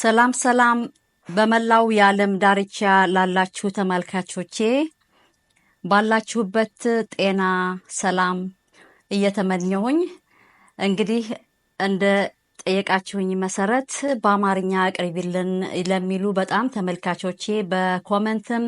ሰላም ሰላም በመላው የዓለም ዳርቻ ላላችሁ ተመልካቾቼ ባላችሁበት ጤና፣ ሰላም እየተመኘሁኝ እንግዲህ እንደ ጠየቃችሁኝ መሰረት በአማርኛ አቅርቢልን ለሚሉ በጣም ተመልካቾቼ በኮመንትም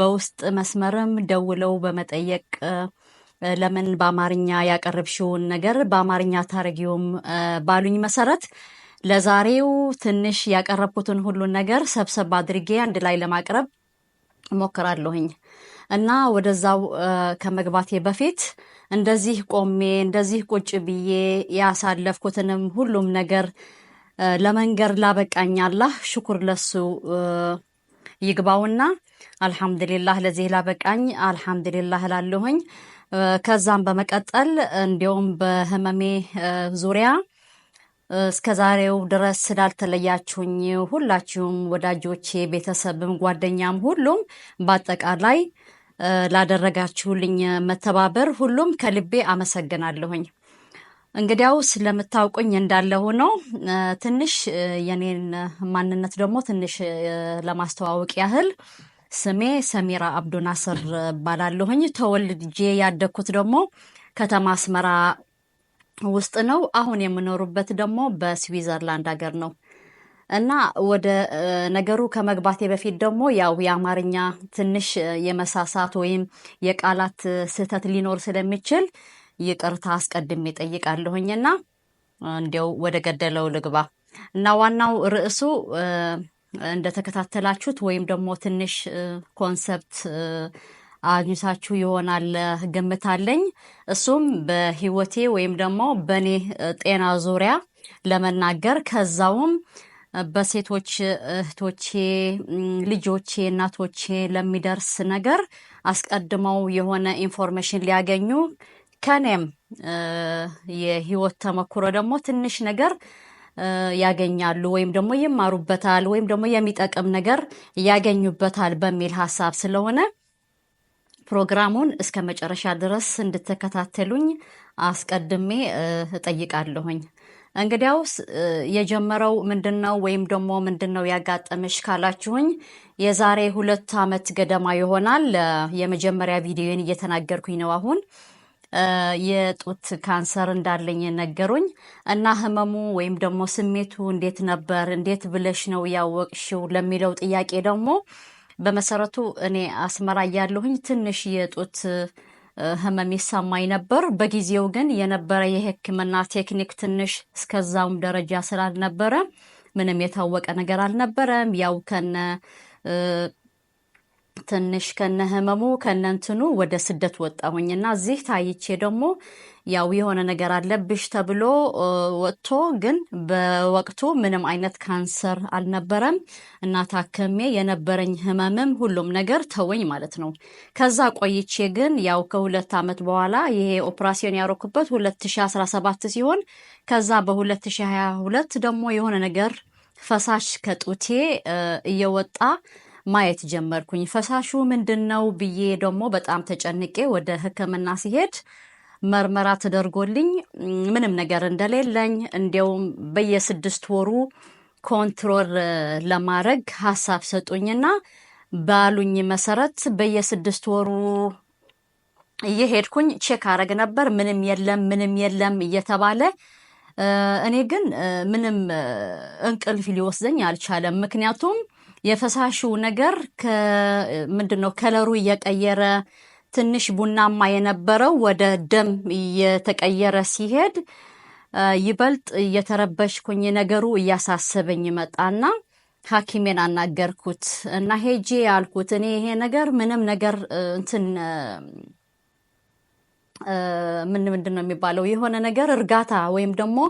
በውስጥ መስመርም ደውለው በመጠየቅ ለምን በአማርኛ ያቀረብሽውን ነገር በአማርኛ ታረጊውም ባሉኝ መሰረት ለዛሬው ትንሽ ያቀረብኩትን ሁሉን ነገር ሰብሰብ አድርጌ አንድ ላይ ለማቅረብ እሞክራለሁኝ እና ወደዛው ከመግባቴ በፊት እንደዚህ ቆሜ እንደዚህ ቁጭ ብዬ ያሳለፍኩትንም ሁሉም ነገር ለመንገር ላበቃኝ አላህ ሽኩር ለሱ ይግባውና አልሐምድሊላህ ለዚህ ላበቃኝ አልሐምድሊላህ እላለሁኝ። ከዛም በመቀጠል እንዲሁም በህመሜ ዙሪያ እስከ ዛሬው ድረስ ስላልተለያችሁኝ ሁላችሁም ወዳጆቼ፣ ቤተሰብም፣ ጓደኛም ሁሉም በአጠቃላይ ላደረጋችሁልኝ መተባበር ሁሉም ከልቤ አመሰግናለሁኝ። እንግዲያው ስለምታውቁኝ እንዳለ ሆኖ ትንሽ የኔን ማንነት ደግሞ ትንሽ ለማስተዋወቅ ያህል ስሜ ሰሚራ አብዱናስር እባላለሁኝ። ተወልጄ ያደግኩት ደግሞ ከተማ አስመራ ውስጥ ነው። አሁን የምኖሩበት ደግሞ በስዊዘርላንድ ሀገር ነው እና ወደ ነገሩ ከመግባቴ በፊት ደግሞ ያው የአማርኛ ትንሽ የመሳሳት ወይም የቃላት ስህተት ሊኖር ስለሚችል ይቅርታ አስቀድሜ ጠይቃለሁኝና እንዲያው ወደ ገደለው ልግባ እና ዋናው ርዕሱ እንደተከታተላችሁት ወይም ደግሞ ትንሽ ኮንሰፕት አግኝታችሁ ይሆናል ገምታለኝ። እሱም በህይወቴ ወይም ደግሞ በእኔ ጤና ዙሪያ ለመናገር ከዛውም በሴቶች እህቶቼ፣ ልጆቼ፣ እናቶቼ ለሚደርስ ነገር አስቀድመው የሆነ ኢንፎርሜሽን ሊያገኙ ከኔም የህይወት ተመኩሮ ደግሞ ትንሽ ነገር ያገኛሉ ወይም ደግሞ ይማሩበታል ወይም ደግሞ የሚጠቅም ነገር ያገኙበታል በሚል ሀሳብ ስለሆነ ፕሮግራሙን እስከ መጨረሻ ድረስ እንድትከታተሉኝ አስቀድሜ እጠይቃለሁኝ። እንግዲያውስ የጀመረው ምንድን ነው ወይም ደግሞ ምንድን ነው ያጋጠመሽ ካላችሁኝ የዛሬ ሁለት ዓመት ገደማ ይሆናል የመጀመሪያ ቪዲዮን እየተናገርኩኝ ነው አሁን የጡት ካንሰር እንዳለኝ ነገሩኝ እና ህመሙ ወይም ደግሞ ስሜቱ እንዴት ነበር፣ እንዴት ብለሽ ነው ያወቅሽው ለሚለው ጥያቄ ደግሞ በመሰረቱ እኔ አስመራ እያለሁኝ ትንሽ የጡት ህመም ይሰማኝ ነበር። በጊዜው ግን የነበረ የህክምና ቴክኒክ ትንሽ እስከዛውም ደረጃ ስላልነበረ ምንም የታወቀ ነገር አልነበረም። ያው ከነ ትንሽ ከነ ህመሙ ከነንትኑ ወደ ስደት እና እዚህ ታይቼ ደግሞ ያው የሆነ ነገር አለብሽ ተብሎ ወጥቶ ግን በወቅቱ ምንም አይነት ካንሰር አልነበረም እና ታከሜ የነበረኝ ህመምም ሁሉም ነገር ተወኝ ማለት ነው። ከዛ ቆይቼ ግን ያው ከሁለት ዓመት በኋላ ይሄ ኦፕራሲዮን ያረኩበት 2017 ሲሆን ከዛ በ2022 ደግሞ የሆነ ነገር ፈሳሽ ከጡቴ እየወጣ ማየት ጀመርኩኝ። ፈሳሹ ምንድን ነው ብዬ ደግሞ በጣም ተጨንቄ ወደ ሕክምና ሲሄድ መርመራ ተደርጎልኝ ምንም ነገር እንደሌለኝ እንዲያውም በየስድስት ወሩ ኮንትሮል ለማድረግ ሀሳብ ሰጡኝና ባሉኝ መሰረት በየስድስት ወሩ እየሄድኩኝ ቼክ አረግ ነበር። ምንም የለም ምንም የለም እየተባለ እኔ ግን ምንም እንቅልፍ ሊወስደኝ አልቻለም። ምክንያቱም የፈሳሹ ነገር ምንድን ነው ከለሩ እየቀየረ ትንሽ ቡናማ የነበረው ወደ ደም እየተቀየረ ሲሄድ ይበልጥ እየተረበሽኩኝ ነገሩ እያሳሰበኝ መጣና ሐኪሜን አናገርኩት እና ሄጄ ያልኩት እኔ ይሄ ነገር ምንም ነገር እንትን ምን ምንድን ነው የሚባለው የሆነ ነገር እርጋታ ወይም ደግሞ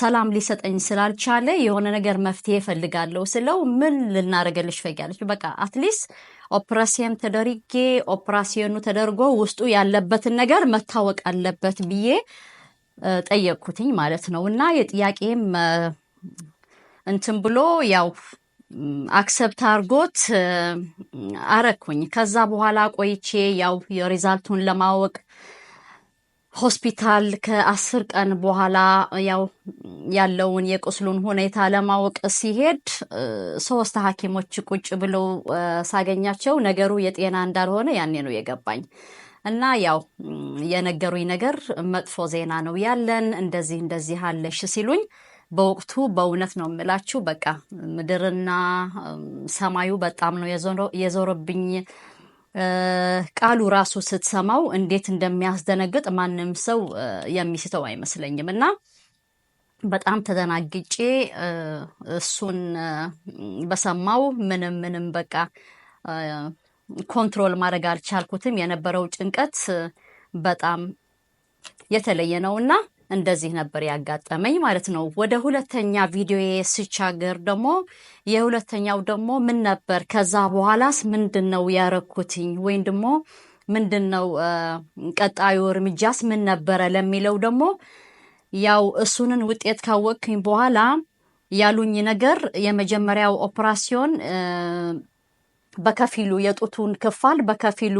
ሰላም ሊሰጠኝ ስላልቻለ የሆነ ነገር መፍትሄ እፈልጋለሁ ስለው ምን ልናደርግልሽ ፈጊያለች። በቃ አትሊስት ኦፕራሲየን ተደርጌ ኦፕራሲየኑ ተደርጎ ውስጡ ያለበትን ነገር መታወቅ አለበት ብዬ ጠየቅኩትኝ ማለት ነው። እና የጥያቄም እንትን ብሎ ያው አክሰብት አርጎት አረኩኝ። ከዛ በኋላ ቆይቼ ያው የሪዛልቱን ለማወቅ ሆስፒታል ከአስር ቀን በኋላ ያው ያለውን የቁስሉን ሁኔታ ለማወቅ ሲሄድ ሶስት ሐኪሞች ቁጭ ብለው ሳገኛቸው ነገሩ የጤና እንዳልሆነ ያኔ ነው የገባኝ። እና ያው የነገሩኝ ነገር መጥፎ ዜና ነው ያለን እንደዚህ እንደዚህ አለሽ ሲሉኝ በወቅቱ በእውነት ነው የምላችሁ በቃ ምድርና ሰማዩ በጣም ነው የዞረብኝ። ቃሉ ራሱ ስትሰማው እንዴት እንደሚያስደነግጥ ማንም ሰው የሚስተው አይመስለኝም እና በጣም ተደናግጬ እሱን በሰማው ምንም ምንም በቃ ኮንትሮል ማድረግ አልቻልኩትም። የነበረው ጭንቀት በጣም የተለየ ነው እና እንደዚህ ነበር ያጋጠመኝ ማለት ነው። ወደ ሁለተኛ ቪዲዮ ስቻገር ደግሞ የሁለተኛው ደግሞ ምን ነበር ከዛ በኋላስ ምንድን ነው ያረኩትኝ ወይም ደግሞ ምንድን ነው ቀጣዩ እርምጃስ ምን ነበረ ለሚለው ደግሞ ያው እሱንን ውጤት ካወቅኝ በኋላ ያሉኝ ነገር የመጀመሪያው ኦፕራሲዮን በከፊሉ የጡቱን ክፋል በከፊሉ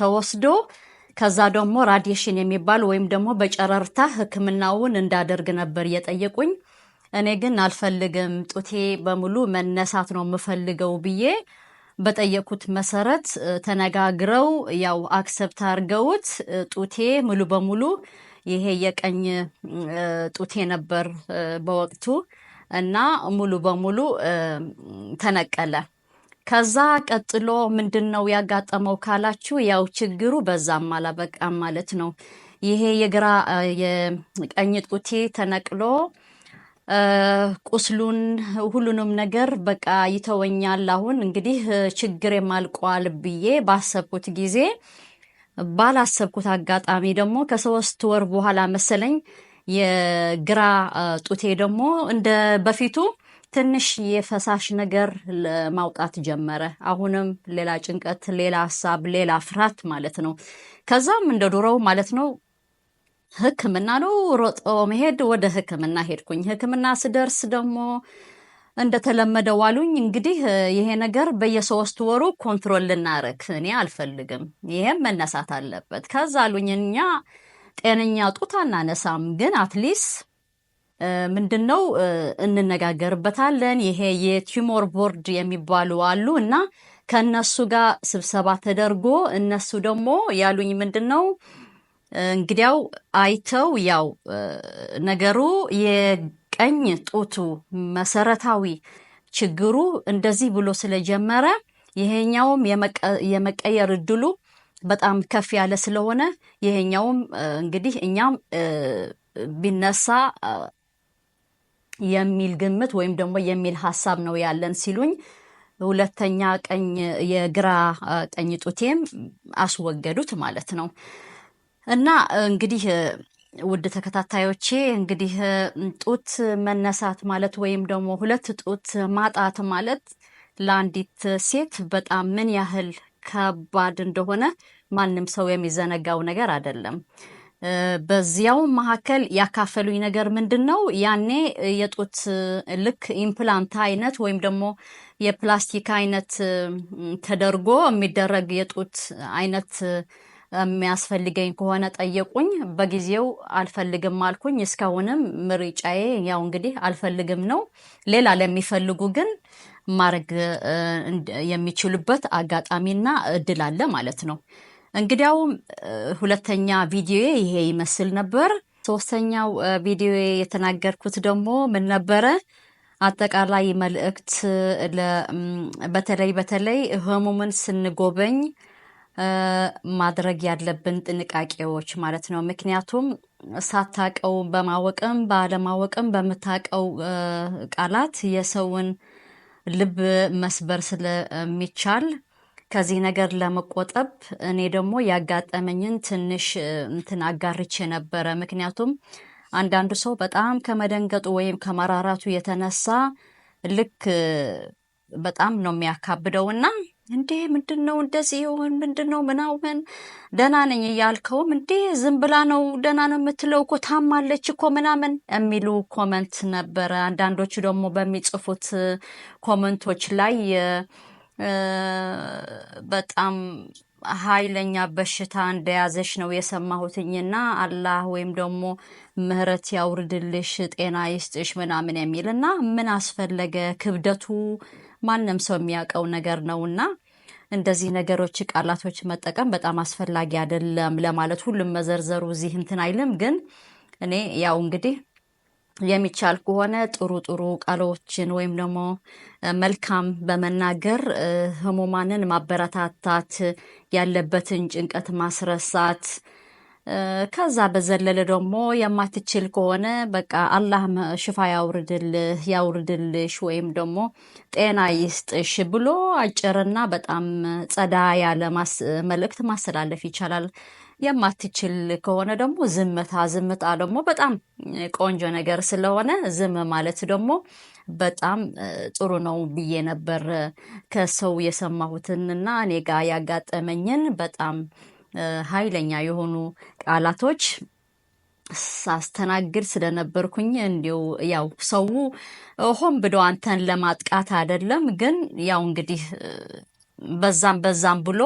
ተወስዶ ከዛ ደግሞ ራዲሽን የሚባል ወይም ደግሞ በጨረርታ ህክምናውን እንዳደርግ ነበር የጠየቁኝ። እኔ ግን አልፈልግም፣ ጡቴ በሙሉ መነሳት ነው የምፈልገው ብዬ በጠየቁት መሰረት ተነጋግረው ያው አክሰብት አድርገውት ጡቴ ሙሉ በሙሉ ይሄ የቀኝ ጡቴ ነበር በወቅቱ እና ሙሉ በሙሉ ተነቀለ። ከዛ ቀጥሎ ምንድን ነው ያጋጠመው ካላችሁ፣ ያው ችግሩ በዛም አላበቃም ማለት ነው። ይሄ የግራ የቀኝ ጡቴ ተነቅሎ ቁስሉን ሁሉንም ነገር በቃ ይተወኛል። አሁን እንግዲህ ችግር የማልቀዋል ብዬ ባሰብኩት ጊዜ ባላሰብኩት አጋጣሚ ደግሞ ከሶስት ወር በኋላ መሰለኝ የግራ ጡቴ ደግሞ እንደ በፊቱ ትንሽ የፈሳሽ ነገር ለማውጣት ጀመረ። አሁንም ሌላ ጭንቀት፣ ሌላ ሀሳብ፣ ሌላ ፍርሃት ማለት ነው። ከዛም እንደ ዱሮው ማለት ነው ሕክምና ነው ሮጦ መሄድ። ወደ ሕክምና ሄድኩኝ። ሕክምና ስደርስ ደግሞ እንደተለመደ ዋሉኝ። እንግዲህ ይሄ ነገር በየሶስት ወሩ ኮንትሮል ልናረክ፣ እኔ አልፈልግም፣ ይሄም መነሳት አለበት። ከዛ አሉኝ እኛ ጤነኛ ጡት አናነሳም፣ ግን አትሊስት ምንድን ነው እንነጋገርበታለን። ይሄ የቲሞር ቦርድ የሚባሉ አሉ እና ከእነሱ ጋር ስብሰባ ተደርጎ እነሱ ደግሞ ያሉኝ ምንድን ነው እንግዲያው አይተው ያው ነገሩ የቀኝ ጡቱ መሰረታዊ ችግሩ እንደዚህ ብሎ ስለጀመረ ይሄኛውም የመቀየር እድሉ በጣም ከፍ ያለ ስለሆነ ይሄኛውም እንግዲህ እኛም ቢነሳ የሚል ግምት ወይም ደግሞ የሚል ሀሳብ ነው ያለን ሲሉኝ ሁለተኛ ቀኝ የግራ ቀኝ ጡቴም አስወገዱት ማለት ነው። እና እንግዲህ ውድ ተከታታዮቼ እንግዲህ ጡት መነሳት ማለት ወይም ደግሞ ሁለት ጡት ማጣት ማለት ለአንዲት ሴት በጣም ምን ያህል ከባድ እንደሆነ ማንም ሰው የሚዘነጋው ነገር አይደለም። በዚያው መካከል ያካፈሉኝ ነገር ምንድን ነው? ያኔ የጡት ልክ ኢምፕላንት አይነት ወይም ደግሞ የፕላስቲክ አይነት ተደርጎ የሚደረግ የጡት አይነት የሚያስፈልገኝ ከሆነ ጠየቁኝ። በጊዜው አልፈልግም አልኩኝ። እስካሁንም ምርጫዬ ያው እንግዲህ አልፈልግም ነው። ሌላ ለሚፈልጉ ግን ማድረግ የሚችሉበት አጋጣሚና እድል አለ ማለት ነው። እንግዲያውም ሁለተኛ ቪዲዮ ይሄ ይመስል ነበር። ሶስተኛው ቪዲዮ የተናገርኩት ደግሞ ምን ነበረ? አጠቃላይ መልእክት በተለይ በተለይ ህሙምን ስንጎበኝ ማድረግ ያለብን ጥንቃቄዎች ማለት ነው። ምክንያቱም ሳታቀው በማወቅም ባለማወቅም በምታቀው ቃላት የሰውን ልብ መስበር ስለሚቻል ከዚህ ነገር ለመቆጠብ እኔ ደግሞ ያጋጠመኝን ትንሽ እንትን አጋርቼ ነበረ። ምክንያቱም አንዳንዱ ሰው በጣም ከመደንገጡ ወይም ከመራራቱ የተነሳ ልክ በጣም ነው የሚያካብደውና እንዴ ምንድን ነው እንደዚህ የሆን ምንድን ነው ምናምን ደህና ነኝ እያልከውም እንዴ ዝም ብላ ነው ደህና ነው የምትለው እኮ ታማለች እኮ ምናምን የሚሉ ኮመንት ነበረ። አንዳንዶቹ ደግሞ በሚጽፉት ኮመንቶች ላይ በጣም ኃይለኛ በሽታ እንደያዘሽ ነው የሰማሁትኝና አላህ ወይም ደግሞ ምሕረት ያውርድልሽ ጤና ይስጥሽ ምናምን የሚል እና ምን አስፈለገ? ክብደቱ ማንም ሰው የሚያውቀው ነገር ነውና እንደዚህ ነገሮች ቃላቶች መጠቀም በጣም አስፈላጊ አይደለም ለማለት ሁሉም መዘርዘሩ እዚህ እንትን አይልም። ግን እኔ ያው እንግዲህ የሚቻል ከሆነ ጥሩ ጥሩ ቃሎችን ወይም ደግሞ መልካም በመናገር ህሙማንን ማበረታታት፣ ያለበትን ጭንቀት ማስረሳት ከዛ በዘለለ ደግሞ የማትችል ከሆነ በቃ አላህ ሽፋ ያውርድልህ ያውርድልሽ ወይም ደግሞ ጤና ይስጥሽ ብሎ አጭርና በጣም ጸዳ ያለ መልእክት ማስተላለፍ ይቻላል። የማትችል ከሆነ ደግሞ ዝምታ ዝምታ ደግሞ በጣም ቆንጆ ነገር ስለሆነ ዝም ማለት ደግሞ በጣም ጥሩ ነው ብዬ ነበር ከሰው የሰማሁትንና እኔ ጋ ያጋጠመኝን በጣም ኃይለኛ የሆኑ ቃላቶች ሳስተናግድ ስለነበርኩኝ እንዲሁ ያው ሰው ሆን ብሎ አንተን ለማጥቃት አይደለም፣ ግን ያው እንግዲህ በዛም በዛም ብሎ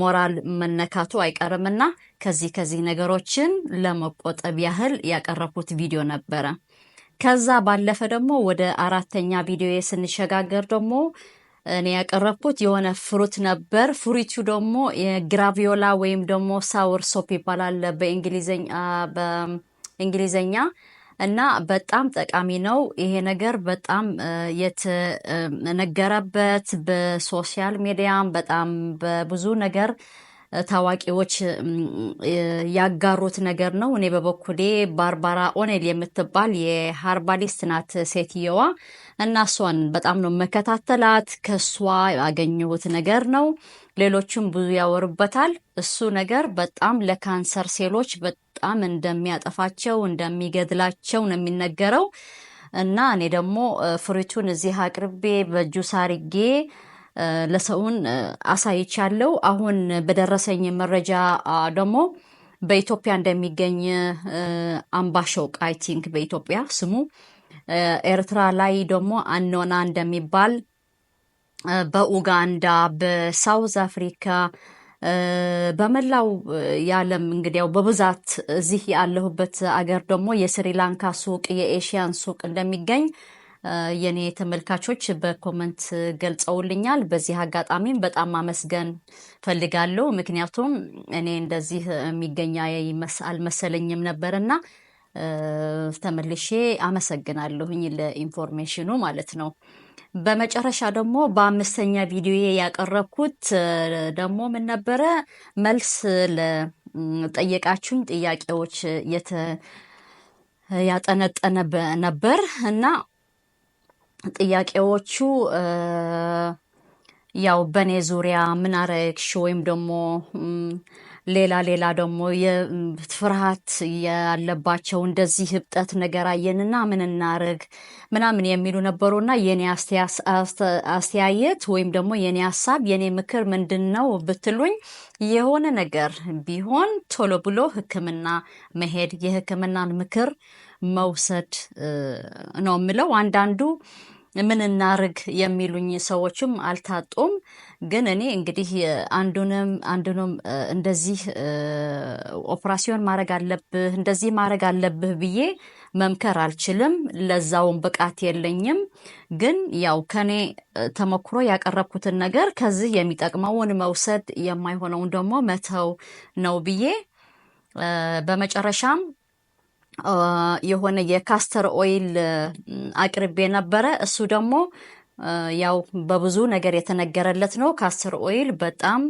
ሞራል መነካቱ አይቀርምና ከዚህ ከዚህ ነገሮችን ለመቆጠብ ያህል ያቀረብኩት ቪዲዮ ነበረ። ከዛ ባለፈ ደግሞ ወደ አራተኛ ቪዲዮ ስንሸጋገር ደግሞ እኔ ያቀረብኩት የሆነ ፍሩት ነበር። ፍሩቱ ደግሞ የግራቪዮላ ወይም ደግሞ ሳውር ሶፕ ይባላል በእንግሊዘኛ እና በጣም ጠቃሚ ነው ይሄ ነገር በጣም የተነገረበት በሶሻል ሚዲያም በጣም በብዙ ነገር ታዋቂዎች ያጋሩት ነገር ነው። እኔ በበኩሌ ባርባራ ኦኔል የምትባል የሃርባሊስት ናት ሴትየዋ እና እሷን በጣም ነው መከታተላት። ከእሷ ያገኘሁት ነገር ነው። ሌሎችም ብዙ ያወሩበታል። እሱ ነገር በጣም ለካንሰር ሴሎች በጣም እንደሚያጠፋቸው እንደሚገድላቸው ነው የሚነገረው እና እኔ ደግሞ ፍሪቱን እዚህ አቅርቤ በጁስ አርጌ ለሰውን አሳይቻለሁ። አሁን በደረሰኝ መረጃ ደግሞ በኢትዮጵያ እንደሚገኝ አምባሸው አይ ቲንክ በኢትዮጵያ ስሙ ኤርትራ ላይ ደግሞ አኖና እንደሚባል በኡጋንዳ፣ በሳውዝ አፍሪካ፣ በመላው የዓለም እንግዲያው በብዛት እዚህ ያለሁበት አገር ደግሞ የስሪላንካ ሱቅ፣ የኤሽያን ሱቅ እንደሚገኝ የኔ ተመልካቾች በኮመንት ገልጸውልኛል። በዚህ አጋጣሚም በጣም አመስገን ፈልጋለሁ። ምክንያቱም እኔ እንደዚህ የሚገኛ አልመሰለኝም ነበርና ተመልሼ አመሰግናለሁኝ ለኢንፎርሜሽኑ ማለት ነው። በመጨረሻ ደግሞ በአምስተኛ ቪዲዮ ያቀረብኩት ደግሞ ምን ነበረ መልስ ለጠየቃችሁኝ ጥያቄዎች ያጠነጠነ ነበር እና ጥያቄዎቹ ያው በእኔ ዙሪያ ምን አረግሽ ወይም ደግሞ ሌላ ሌላ ደግሞ ፍርሃት ያለባቸው እንደዚህ ህብጠት ነገር አየንና ምን እናርግ ምናምን የሚሉ ነበሩና የኔ አስተያየት ወይም ደግሞ የኔ ሀሳብ የኔ ምክር ምንድን ነው ብትሉኝ የሆነ ነገር ቢሆን ቶሎ ብሎ ህክምና መሄድ የህክምናን ምክር መውሰድ ነው የምለው። አንዳንዱ ምን እናርግ የሚሉኝ ሰዎችም አልታጡም። ግን እኔ እንግዲህ አንዱንም አንዱንም እንደዚህ ኦፕራሲዮን ማድረግ አለብህ እንደዚህ ማድረግ አለብህ ብዬ መምከር አልችልም። ለዛውን ብቃት የለኝም። ግን ያው ከኔ ተሞክሮ ያቀረብኩትን ነገር ከዚህ የሚጠቅመውን መውሰድ የማይሆነውን ደግሞ መተው ነው ብዬ በመጨረሻም የሆነ የካስተር ኦይል አቅርቤ ነበረ። እሱ ደግሞ ያው በብዙ ነገር የተነገረለት ነው። ካስተር ኦይል በጣም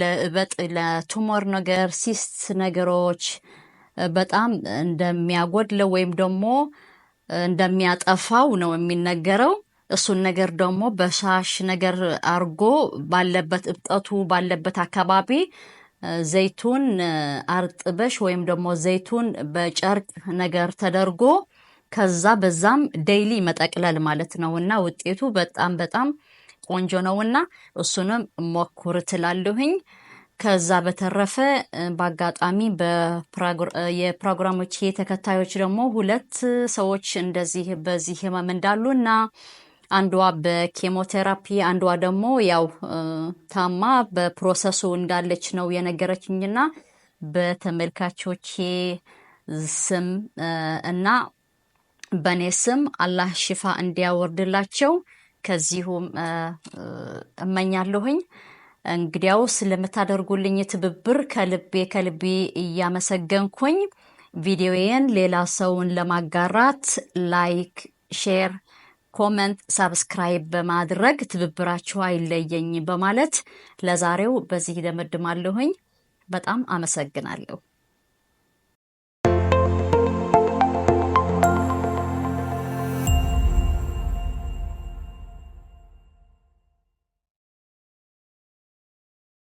ለእበጥ ለቱሞር ነገር ሲስት ነገሮች በጣም እንደሚያጎድለው ወይም ደግሞ እንደሚያጠፋው ነው የሚነገረው። እሱን ነገር ደግሞ በሻሽ ነገር አርጎ ባለበት እብጠቱ ባለበት አካባቢ ዘይቱን አርጥበሽ ወይም ደግሞ ዘይቱን በጨርቅ ነገር ተደርጎ ከዛ በዛም ዴይሊ መጠቅለል ማለት ነው እና ውጤቱ በጣም በጣም ቆንጆ ነው እና እሱንም ሞክር ትላለሁኝ። ከዛ በተረፈ በአጋጣሚ የፕሮግራሞች ተከታዮች ደግሞ ሁለት ሰዎች እንደዚህ በዚህ ህመም እንዳሉ እና አንዷ በኬሞቴራፒ አንዷ ደግሞ ያው ታማ በፕሮሰሱ እንዳለች ነው የነገረችኝና በተመልካቾቼ ስም እና በእኔ ስም አላህ ሽፋ እንዲያወርድላቸው ከዚሁም እመኛለሁኝ። እንግዲያው ስለምታደርጉልኝ ትብብር ከልቤ ከልቤ እያመሰገንኩኝ ቪዲዮዬን ሌላ ሰውን ለማጋራት ላይክ፣ ሼር ኮመንት፣ ሳብስክራይብ በማድረግ ትብብራችሁ አይለየኝ በማለት ለዛሬው በዚህ ደመድማለሁኝ። በጣም አመሰግናለሁ።